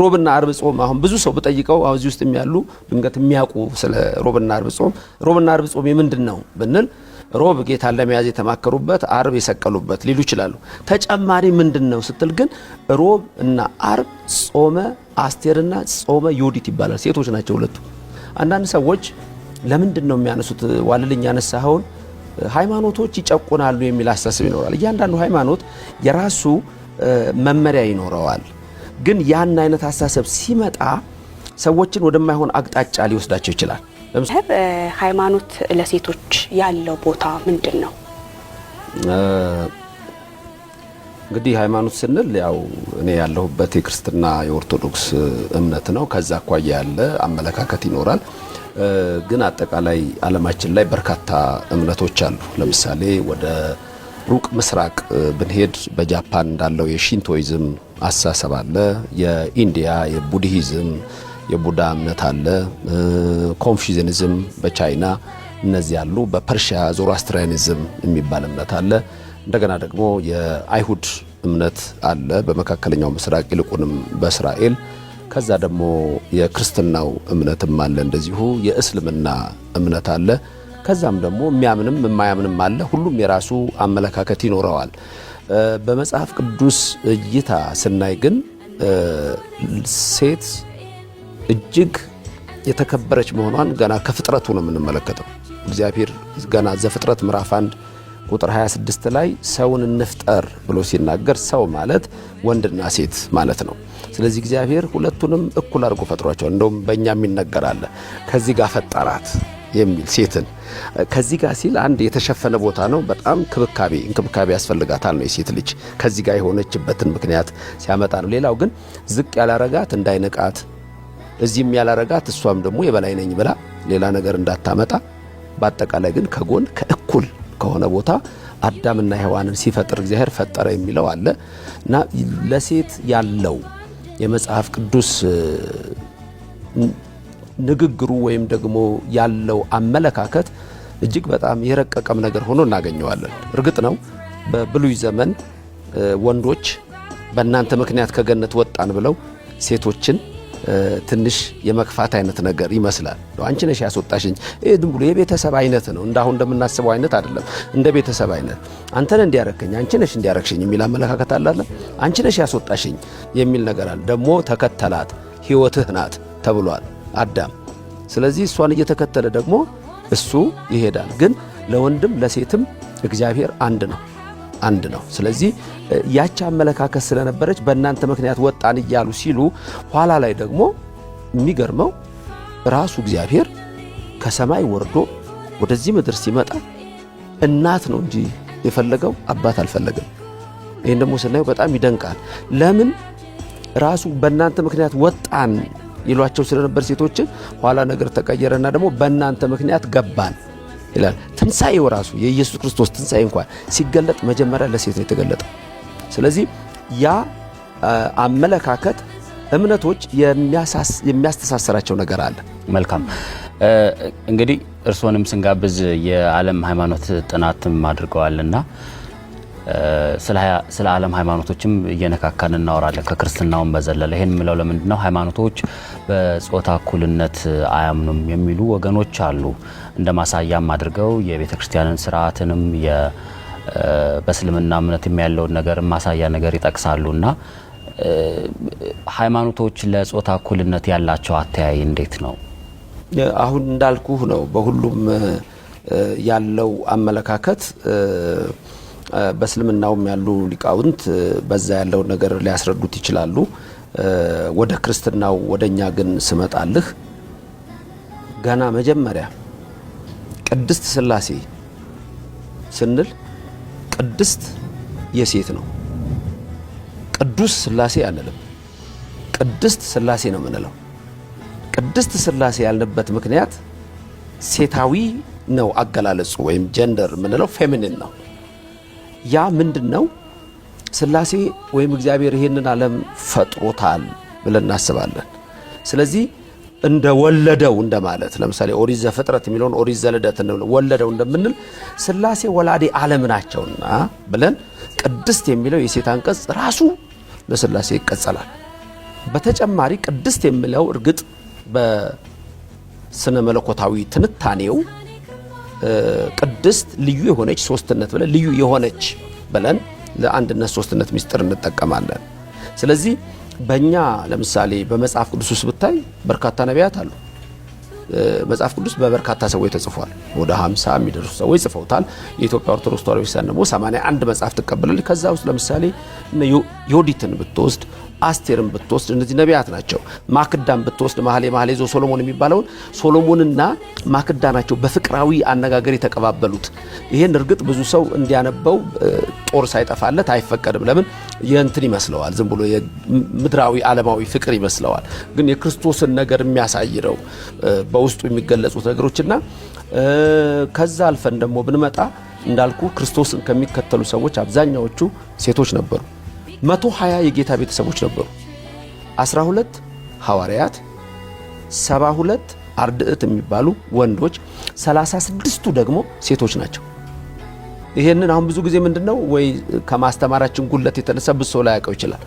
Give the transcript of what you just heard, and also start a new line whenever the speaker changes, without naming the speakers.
ሮብና አርብ ጾም አሁን ብዙ ሰው ብጠይቀው አሁን እዚህ ውስጥ የሚያሉ ድንገት የሚያውቁ ስለ ሮብና አርብ ጾም ሮብና አርብ ጾም የምንድን ነው ብንል ሮብ ጌታን ለመያዝ የተማከሩበት፣ አርብ የሰቀሉበት ሊሉ ይችላሉ። ተጨማሪ ምንድን ነው ስትል ግን ሮብ እና አርብ ጾመ አስቴርና ጾመ ዮዲት ይባላል። ሴቶች ናቸው ሁለቱ። አንዳንድ ሰዎች ለምንድን ነው የሚያነሱት? ዋልልኝ ያነሳኸውን ሃይማኖቶች ይጨቁናሉ የሚል አስተሳሰብ ይኖራል። እያንዳንዱ ሃይማኖት የራሱ መመሪያ ይኖረዋል። ግን ያን አይነት አስተሳሰብ ሲመጣ ሰዎችን ወደማይሆን አቅጣጫ ሊወስዳቸው ይችላል።
ሃይማኖት ለሴቶች ያለው ቦታ ምንድን ነው?
እንግዲህ ሃይማኖት ስንል ያው እኔ ያለሁበት የክርስትና የኦርቶዶክስ እምነት ነው። ከዛ አኳያ ያለ አመለካከት ይኖራል። ግን አጠቃላይ ዓለማችን ላይ በርካታ እምነቶች አሉ። ለምሳሌ ወደ ሩቅ ምስራቅ ብንሄድ በጃፓን እንዳለው የሺንቶይዝም አስተሳሰብ አለ። የኢንዲያ የቡድሂዝም የቡዳ እምነት አለ። ኮንፊዥኒዝም በቻይና እነዚህ ያሉ በፐርሺያ ዞሮአስትሪያኒዝም የሚባል እምነት አለ። እንደገና ደግሞ የአይሁድ እምነት አለ በመካከለኛው ምስራቅ ይልቁንም በእስራኤል። ከዛ ደግሞ የክርስትናው እምነትም አለ እንደዚሁ የእስልምና እምነት አለ። ከዛም ደግሞ የሚያምንም የማያምንም አለ። ሁሉም የራሱ አመለካከት ይኖረዋል። በመጽሐፍ ቅዱስ እይታ ስናይ ግን ሴት እጅግ የተከበረች መሆኗን ገና ከፍጥረቱ ነው የምንመለከተው። እግዚአብሔር ገና ዘፍጥረት ምዕራፍ 1 ቁጥር 26 ላይ ሰውን እንፍጠር ብሎ ሲናገር ሰው ማለት ወንድና ሴት ማለት ነው። ስለዚህ እግዚአብሔር ሁለቱንም እኩል አድርጎ ፈጥሯቸዋል። እንደውም በእኛም ይነገራል ከዚህ ጋር ፈጠራት የሚል ሴትን ከዚህ ጋር ሲል አንድ የተሸፈነ ቦታ ነው። በጣም ክብካቤ እንክብካቤ ያስፈልጋታል ነው የሴት ልጅ ከዚህ ጋር የሆነችበትን ምክንያት ሲያመጣ ነው። ሌላው ግን ዝቅ ያላረጋት እንዳይንቃት፣ እዚህም ያላረጋት እሷም ደግሞ የበላይ ነኝ ብላ ሌላ ነገር እንዳታመጣ፣ በአጠቃላይ ግን ከጎን ከእኩል ከሆነ ቦታ አዳምና ሔዋንን ሲፈጥር እግዚአብሔር ፈጠረ የሚለው አለ እና ለሴት ያለው የመጽሐፍ ቅዱስ ንግግሩ ወይም ደግሞ ያለው አመለካከት እጅግ በጣም የረቀቀም ነገር ሆኖ እናገኘዋለን። እርግጥ ነው በብሉይ ዘመን ወንዶች በእናንተ ምክንያት ከገነት ወጣን ብለው ሴቶችን ትንሽ የመክፋት አይነት ነገር ይመስላል። አንቺ ነሽ ያስወጣሽኝ። ይህ ዝም ብሎ የቤተሰብ አይነት ነው፣ አሁን እንደምናስበው አይነት አይደለም። እንደ ቤተሰብ አይነት አንተን እንዲያረክኝ፣ አንቺ ነሽ እንዲያረክሽኝ የሚል አመለካከት አላለ። አንቺ ነሽ ያስወጣሽኝ የሚል ነገር አለ። ደግሞ ተከተላት፣ ህይወትህ ናት ተብሏል። አዳም። ስለዚህ እሷን እየተከተለ ደግሞ እሱ ይሄዳል። ግን ለወንድም ለሴትም እግዚአብሔር አንድ ነው አንድ ነው። ስለዚህ ያቺ አመለካከት ስለነበረች በእናንተ ምክንያት ወጣን እያሉ ሲሉ፣ ኋላ ላይ ደግሞ የሚገርመው ራሱ እግዚአብሔር ከሰማይ ወርዶ ወደዚህ ምድር ሲመጣ እናት ነው እንጂ የፈለገው አባት አልፈለገም። ይህን ደግሞ ስናየው በጣም ይደንቃል። ለምን ራሱ በእናንተ ምክንያት ወጣን ይሏቸው ስለነበር ሴቶችን ኋላ ነገር ተቀየረና ደግሞ በእናንተ ምክንያት ገባን ይላል። ትንሣኤው ራሱ የኢየሱስ ክርስቶስ ትንሣኤ እንኳን ሲገለጥ መጀመሪያ ለሴት ነው የተገለጠው። ስለዚህ ያ አመለካከት እምነቶች የሚያስተሳሰራቸው ነገር አለ።
መልካም እንግዲህ እርስዎንም ስንጋብዝ የዓለም ሃይማኖት ጥናትም አድርገዋልና ስለ ዓለም ሃይማኖቶችም እየነካካን እናወራለን ከክርስትናውን በዘለለ። ይህን የምለው ለምንድን ነው ሃይማኖቶች በጾታ እኩልነት አያምኑም የሚሉ ወገኖች አሉ። እንደ ማሳያም አድርገው የቤተ ክርስቲያንን ስርዓትንም በእስልምና እምነትም ያለውን ነገር ማሳያ ነገር ይጠቅሳሉ እና ሃይማኖቶች ለጾታ እኩልነት ያላቸው አተያይ እንዴት ነው?
አሁን እንዳልኩህ ነው። በሁሉም ያለው አመለካከት በእስልምናውም ያሉ ሊቃውንት በዛ ያለውን ነገር ሊያስረዱት ይችላሉ። ወደ ክርስትናው ወደ እኛ ግን ስመጣልህ ገና መጀመሪያ ቅድስት ስላሴ ስንል ቅድስት የሴት ነው። ቅዱስ ስላሴ አንልም፣ ቅድስት ስላሴ ነው የምንለው። ቅድስት ስላሴ ያልንበት ምክንያት ሴታዊ ነው አገላለጹ፣ ወይም ጀንደር የምንለው ፌሚኒን ነው። ያ ምንድን ነው? ስላሴ ወይም እግዚአብሔር ይህንን ዓለም ፈጥሮታል ብለን እናስባለን። ስለዚህ እንደ ወለደው እንደማለት ለምሳሌ ኦሪት ዘፍጥረት የሚለውን ኦሪት ዘልደት ወለደው እንደምንል ስላሴ ወላዴ ዓለም ናቸውና ብለን ቅድስት የሚለው የሴት አንቀጽ ራሱ በስላሴ ይቀጸላል። በተጨማሪ ቅድስት የሚለው እርግጥ በስነ መለኮታዊ ትንታኔው ቅድስት ልዩ የሆነች ሶስትነት ብለን ልዩ የሆነች ብለን ለአንድነት ሶስትነት ሚስጥር እንጠቀማለን። ስለዚህ በእኛ ለምሳሌ በመጽሐፍ ቅዱስ ውስጥ ብታይ በርካታ ነቢያት አሉ። መጽሐፍ ቅዱስ በበርካታ ሰዎች ተጽፏል። ወደ 50 የሚደርሱ ሰዎች ጽፈውታል። የኢትዮጵያ ኦርቶዶክስ ተዋሕዶ ቤተክርስቲያን ደግሞ 81 መጽሐፍ ትቀበላለች። ከዛ ውስጥ ለምሳሌ ዮዲትን ብትወስድ አስቴርን ብትወስድ እነዚህ ነቢያት ናቸው። ማክዳን ብትወስድ ማህሌ ማህሌ ዞ ሶሎሞን የሚባለውን ሶሎሞንና ማክዳ ናቸው በፍቅራዊ አነጋገር የተቀባበሉት። ይህን እርግጥ ብዙ ሰው እንዲያነበው ጦር ሳይጠፋለት አይፈቀድም። ለምን የእንትን ይመስለዋል፣ ዝም ብሎ ምድራዊ ዓለማዊ ፍቅር ይመስለዋል። ግን የክርስቶስን ነገር የሚያሳይ ነው በውስጡ የሚገለጹት ነገሮችና ከዛ አልፈን ደግሞ ብንመጣ እንዳልኩ ክርስቶስን ከሚከተሉ ሰዎች አብዛኛዎቹ ሴቶች ነበሩ። 120 የጌታ ቤተሰቦች ነበሩ 12 ሐዋርያት 72 አርድእት የሚባሉ ወንዶች 36ቱ ደግሞ ሴቶች ናቸው ይሄንን አሁን ብዙ ጊዜ ምንድነው ወይ ከማስተማራችን ጉለት የተነሳ ብሶ ላይ ያውቀው ይችላል